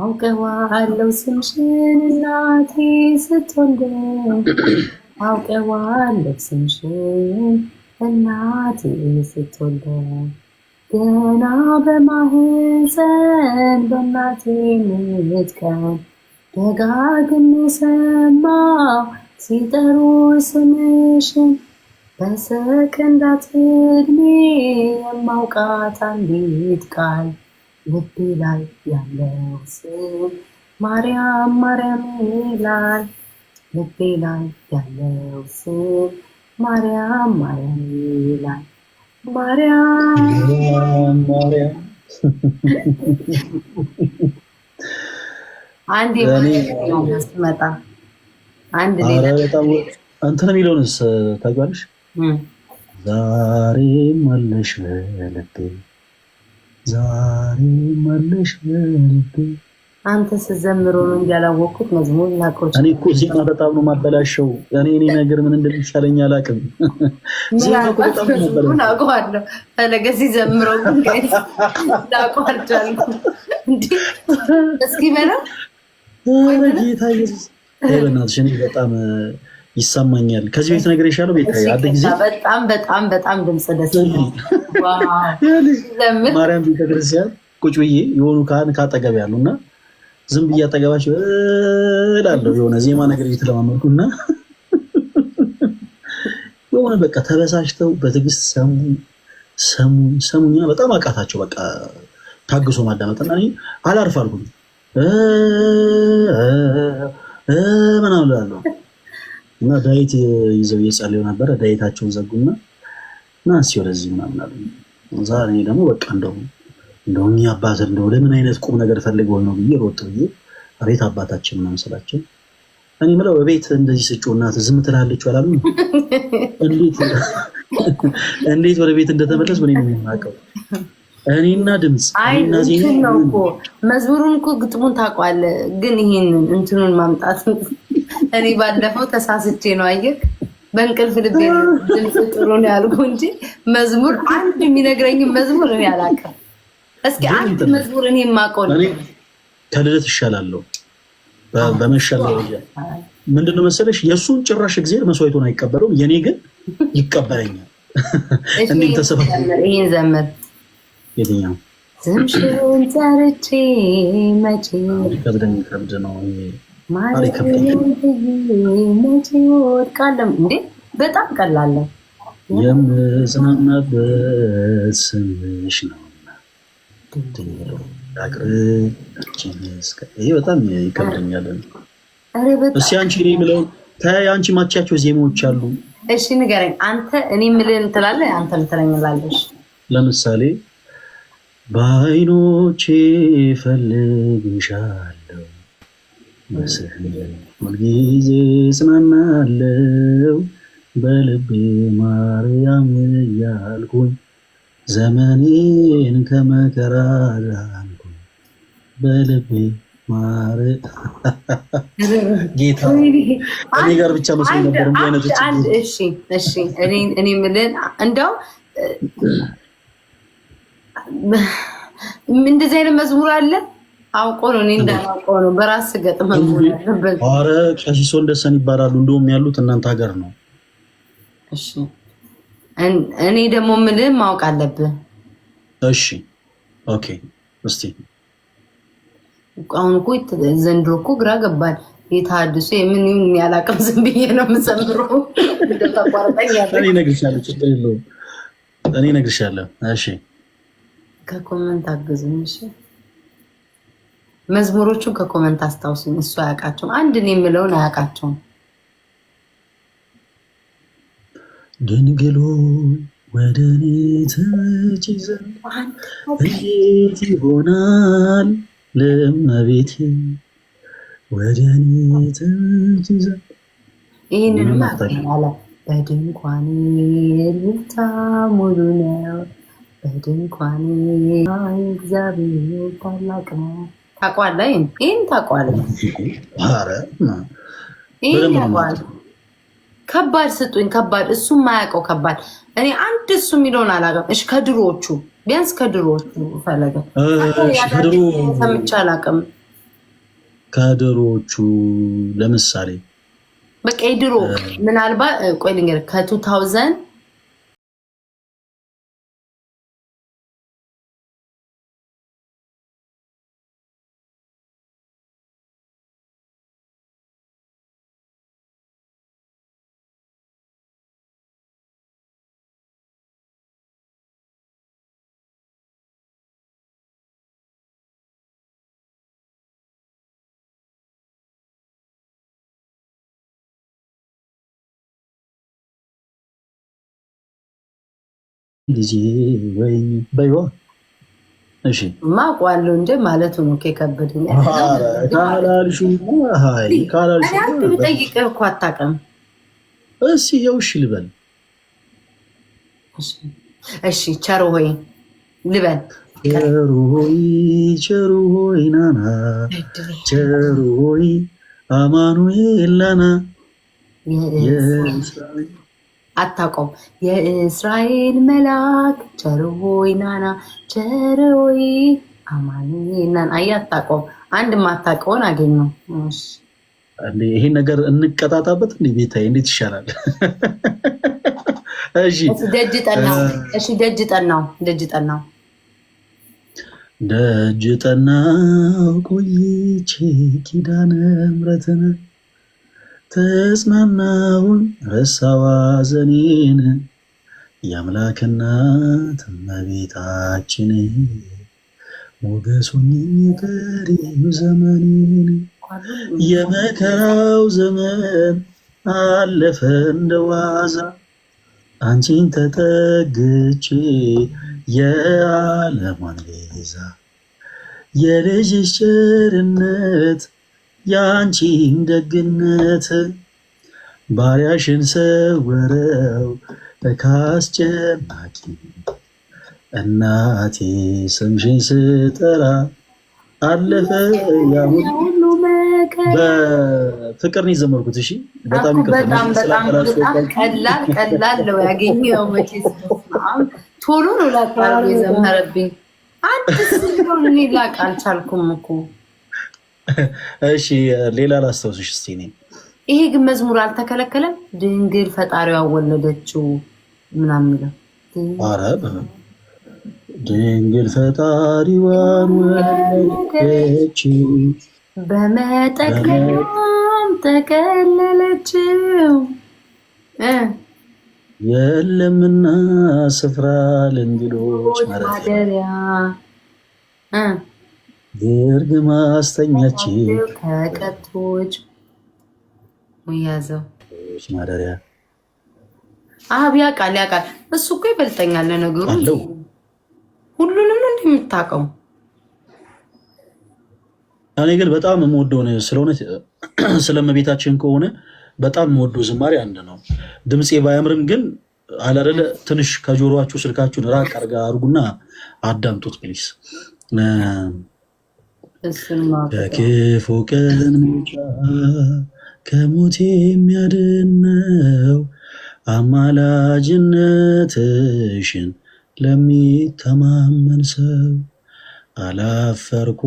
አውቀዋለሁ ስምሽን እናቴ ስትወልደኝ አውቀዋለሁ ስምሽን እናቴ ስትወልደኝ ገና በማህፀን በእናቴ ምጥ ቀን ደጋግሜ ሰማሁ ሲጠሩ ስምሽን በሰከንዳት ዕድሜ የማውቃት አንዲት ቃል ልብ ላይ ያለው ስም ማርያም ማርያም ይላል። ልቤ ላይ ያለው ስም ማርያም ማርያም ይላል። ማርያም ማርያም ስመጣ አንድ እንትን የሚለውንስ ታውቂዋለሽ? አንተ ስትዘምር ነው እንጂ አላወቅኩት። መዝሙር ላቆች እኔ እኮ ዜማ በጣም ነው ማበላሸው። እኔ እኔ ነገር ምን እንደሚሻለኝ አላውቅም። ዜማ በጣም ነው ማበላሸው። ፈለገ ሲዘምረው ግን እስኪ በለው ጌታ ኢየሱስ። በእናትሽ እኔ በጣም ይሰማኛል። ከዚህ ቤት ነገር የሻለው ቤት አደ ጊዜ በጣም በጣም በጣም ድምፅ ደስ ማርያም ቤተክርስቲያን ቁጭ ብዬ የሆኑ ካህን ካጠገብ ያሉ እና ዝም ብዬ አጠገባቸው እላለሁ የሆነ ዜማ ነገር እየተለማመድኩ እና የሆነ በቃ ተበሳጭተው በትዕግስት ሰሙ ሰሙ ሰሙኝና በጣም አቃታቸው። በቃ ታግሶ ማዳመጥና አላርፍ አልኩኝ ምናምን እላለሁ እና ዳዊት ይዘው እየጸለዩ ነበረ። ዳዊታቸውን ዘጉና እና እስኪ ወደዚህ ምናምን አሉ። ዛሬ ደግሞ በቃ እንደው እንደው እንደውም አባትን እንደው ለምን አይነት ቁም ነገር ፈልገው ነው ብዬ ሮጥ ብዬ ቤት አባታችን ምናምን ስላቸው እኔ ምለው በቤት እንደዚህ ስጮህ እናት ዝም ትላለች አላሉ። እንዴት ወደ ቤት እንደተመለስ ምን ነው የማውቀው እኔና ድምፅ ነው እኮ መዝሙሩን እኮ ግጥሙን ታውቀዋለህ፣ ግን ይህን እንትኑን ማምጣት እኔ ባለፈው ተሳስቼ ነው አየህ በእንቅልፍ ልቤ ድምፅ ጥሩ ነው ያልኩ እንጂ መዝሙር አንድ የሚነግረኝ መዝሙር እኔ አላውቅም። እስኪ አንድ መዝሙር እኔ የማውቀው ከልደት ይሻላለሁ በመሻል ምንድነው መሰለሽ፣ የእሱን ጭራሽ እግዚአብሔር መስዋዕቱን አይቀበለውም፣ የእኔ ግን ይቀበለኛል። እንዴት ተሰፋ ይሄን ዘመር የትኛው ስምሽን ጠርቼ መቼ ከብድ ነው ወድቃለም እንዴ በጣም ቀላለን። የምዝናናበት ስምሽ ነውና በጣም ይከብደኛል። እሺ አንቺ እኔ የምለውን ተይ፣ አንቺ ማቻቸው ዜማዎች አሉ። እሺ ንገረኝ አንተ። እኔ የምልህን ትላለህ አንተ ምትለኝላለሽ። ለምሳሌ በአይኖቼ እፈልግሻለሁ ሁልጊዜ ጽናናለው በልቤ ማርያም እያልኩኝ ዘመኔን ከመከራ ዳንኩኝ በልቤ ማር ጌታ እኔ ጋር ብቻ መስሎ ነበር። እንዲህ እኔ እንደው እንደዚህ አይነት መዝሙር አለ አውቆ ነው እኔ እንዳላውቀው ነው። በራስ ቀሲሶ እንደሰን ይባላሉ። እንደውም ያሉት እናንተ ሀገር ነው። እሺ እኔ ደግሞ የምልህ ማወቅ አለብህ። እሺ ኦኬ። እስቲ አሁን እኮ ዘንድሮ እኮ ግራ ገባል። የታድሱ የምን ይሁን ያላቅም። ዝም ብዬ ነው እኔ እነግርሻለሁ። እኔ እነግርሻለሁ። እሺ ከኮመንት እሺ መዝሙሮቹን ከኮመንት አስታውሱኝ። እሱ አያውቃቸውም። አንድን የምለውን አያውቃቸውም። ድንግሎ ወደ እኔ ትመጪ ዘንድ እንዴት ይሆናል? ለእመቤቴ ወደ እኔ ዘንድ በድንኳኔ ልታ ሙሉ ነው። በድንኳኔ እግዚአብሔር ታላቅ ነው። ታውቃለህ? ይሄን ታውቃለህ? ከባድ ስጡኝ፣ ከባድ እሱ የማያውቀው ከባድ። እኔ አንድ እሱ የሚለውን አላውቅም። እሽ ከድሮዎቹ ቢያንስ ከድሮዎቹ ፈለገ ሰምቼ አላውቅም። ከድሮዎቹ ለምሳሌ በቃ የድሮ ምናልባት ቆይ ልንገርህ ከቱ ታውዘንድ ልጄ ወይም በይዋ እሺ ማቋለው እንደ ማለቱ ነው። ከከበደኝ ካላልሽጠይቅህ እኮ አታውቅም። እሺ ይኸው ልበል። እሺ ቸሩ ሆይ ልበል። ቸሩ ሆይ ቸሩ ሆይ ናና ቸሩ ሆይ አማኑኤል ናና አታቆም የእስራኤል መልአክ ቸርሆይ ናና ቸርሆይ አማኑኤልናን አየ አታቆም አንድ ማታቀውን አገኘው። ይሄ ነገር እንቀጣጣበት እንዴ ቤታዬ፣ እንዴት ይሻላል? እሺ ደጅ ጠናው። እሺ ደጅ ጠናው። ደጅ ጠናው። ደጅ ጠናው ቆይቼ ኪዳነ ምሕረትን ተጽናናሁኝ ረሳዋ ዘኔን የአምላክናት እመቤታችን ሞገሱኝ የቀሪው ዘመኔን የመከራው ዘመን አለፈ እንደዋዛ አንቺን ተጠግቼ የዓለሟን ቤዛ የልጅሽ ቸርነት ያንቺን ደግነት ባሪያሽን ሰወረው ከአስጨናቂ እናቴ ስምሽን ስጠራ አለፈ ያሁን በፍቅር ነው የዘመርኩት። እሺ በጣም ቀላል ቀላል ነው ያገኘው። መቼስ ቶሎ ነው ላካል የዘመረብኝ። አዲስ ሆን ላቅ አልቻልኩም እኮ እሺ ሌላ ላስታውስሽ እስኪ እኔን ይሄ ግን መዝሙር አልተከለከለም። ድንግል ፈጣሪዋ ወለደችው ምናምን ይላል። ኧረ ድንግል ፈጣሪዋን ወለደችው በመጠቅለያም ተከለለችው የለምና ስፍራ ለእንግዶች ማደሪያ ደርግ ማስተኛችን ከቀቶች ሙያዘው ማደሪያ አብ ያውቃል ያውቃል። እሱ እኮ ይበልጠኛል ለነገሩ ሁሉንም ነው እንደምታውቀው። እኔ ግን በጣም የምወደው ስለሆነ ስለ ከሆነ በጣም የምወደው ዝማሬ አንድ ነው። ድምፄ ባያምርም ግን አላደለ ትንሽ ከጆሮችሁ ስልካችሁን ራቅ አድርጋ አድርጉና አዳምጡት ፕሊስ። ከክፉ ቀን መውጫ ከሞት የሚያድነው አማላጅነትሽን ለሚተማመን ሰው አላፈርኩ